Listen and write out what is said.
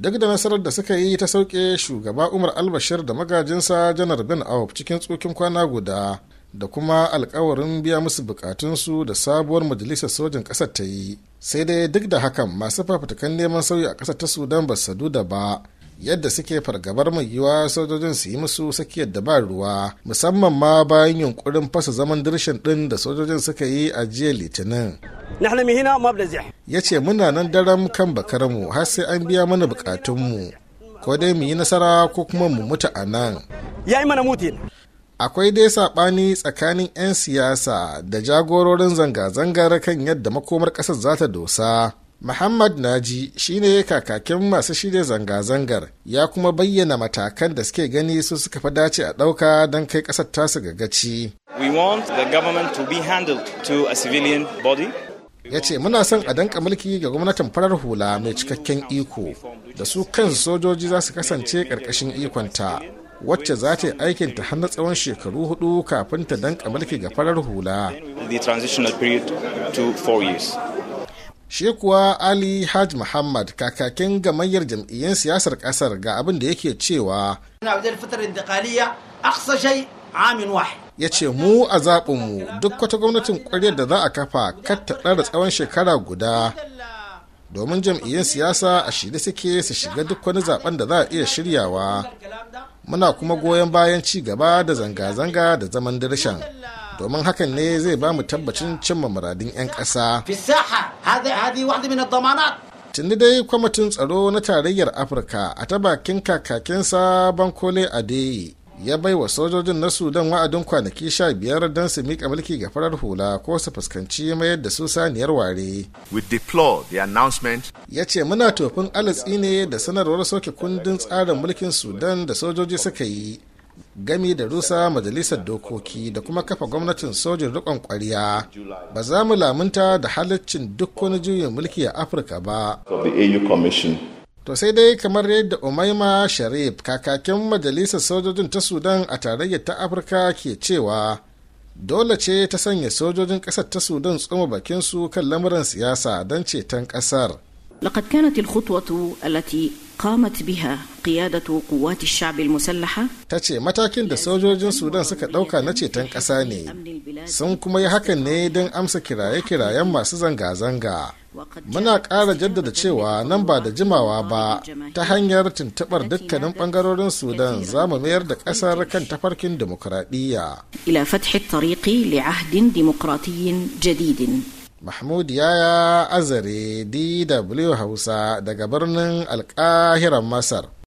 duk da nasarar da suka yi ta sauke shugaba umar albashir da magajinsa janar bin awab cikin tsokin kwana guda da kuma alkawarin biya musu bukatunsu da sabuwar majalisar sojin ƙasar ta yi sai dai duk da hakan masu fafutukan neman sauyi a ƙasar ta sudan ba su da ba yadda suke fargabar mai yiwa sojojin su yi musu sakiyar da ba ruwa musamman ma bayan yunkurin fasa zaman dirshin din da sojojin suka yi a jiya litinin ya ce muna nan daren kan bakarmu har sai an biya mana bukatunmu ko dai mu yi nasara ko kuma mu mutu a nan ya yi mana akwai dai saɓani tsakanin 'yan siyasa da jagororin zanga-zangar kan yadda makomar ƙasar za ta dosa Muhammad Naji shine kakakin masu shirya zanga-zangar ya kuma bayyana matakan da suke gani su suka fi dace a ɗauka don kai ƙasar tasu ga gaci. We want the government to be handled to a civilian body. Ya ce muna son a danka mulki ga gwamnatin farar hula mai cikakken iko da su kansu sojoji za su kasance ƙarƙashin ikonta wacce za ta yi aikin ta na tsawon shekaru hudu kafin ta danka mulki ga farar hula. The transitional period to four years. shi kuwa ali hajj muhammad kakakin gamayyar jam'iyyar siyasar kasar ga abin da yake cewa ya ce mu a zaɓinmu duk wata gwamnatin ƙwaryar da za a kafa kar ta ɗara tsawon shekara guda domin jam'iyyun siyasa a shirye suke su shiga duk wani zaben da za a iya shiryawa muna kuma goyon bayan ci gaba da zanga-zanga da zaman dirshan domin hakan ne zai ba mu tabbacin cimma muradin 'yan ƙasa hadi wahda min ad-damanat tuni dai kwamitin tsaro na tarayyar afirka a ta bakin kakakinsa bankole adeyi ya bai wa sojojin na sudan wa'adin kwanaki sha biyar don su miƙa mulki ga farar hula ko su fuskanci mayar da su saniyar ware. Ya ce muna tofin alatsi ne da sanarwar soke kundin tsarin mulkin sudan da sojoji suka yi gami da rusa majalisar dokoki da kuma kafa gwamnatin sojin rikon kwariya ba za mu lamunta da halaccin duk wani juyin mulki a afirka ba to sai dai kamar yadda umaima sharif kakakin majalisar sojojin ta sudan a tarayyar ta afirka ke cewa dole ce ta sanya sojojin ƙasar ta sudan tsoma bakinsu kan lamuran siyasa don ceton ƙasar. قامت بها قيادة قوات الشعب ta ce matakin da sojojin Sudan suka dauka na ceton ƙasa ne sun kuma yi hakan ne don amsa kiraye-kirayen masu zanga-zanga muna ƙara jaddada cewa nan ba da jimawa ba ta hanyar tuntuɓar dukkanin ɓangarorin Sudan za mu mayar da ƙasar kan tafarkin dimokuraɗiyya ila fathi tariqi li ahdin dimokuraɗiyyin jadidin mahmud yaya azare dw hausa daga birnin alkahiran masar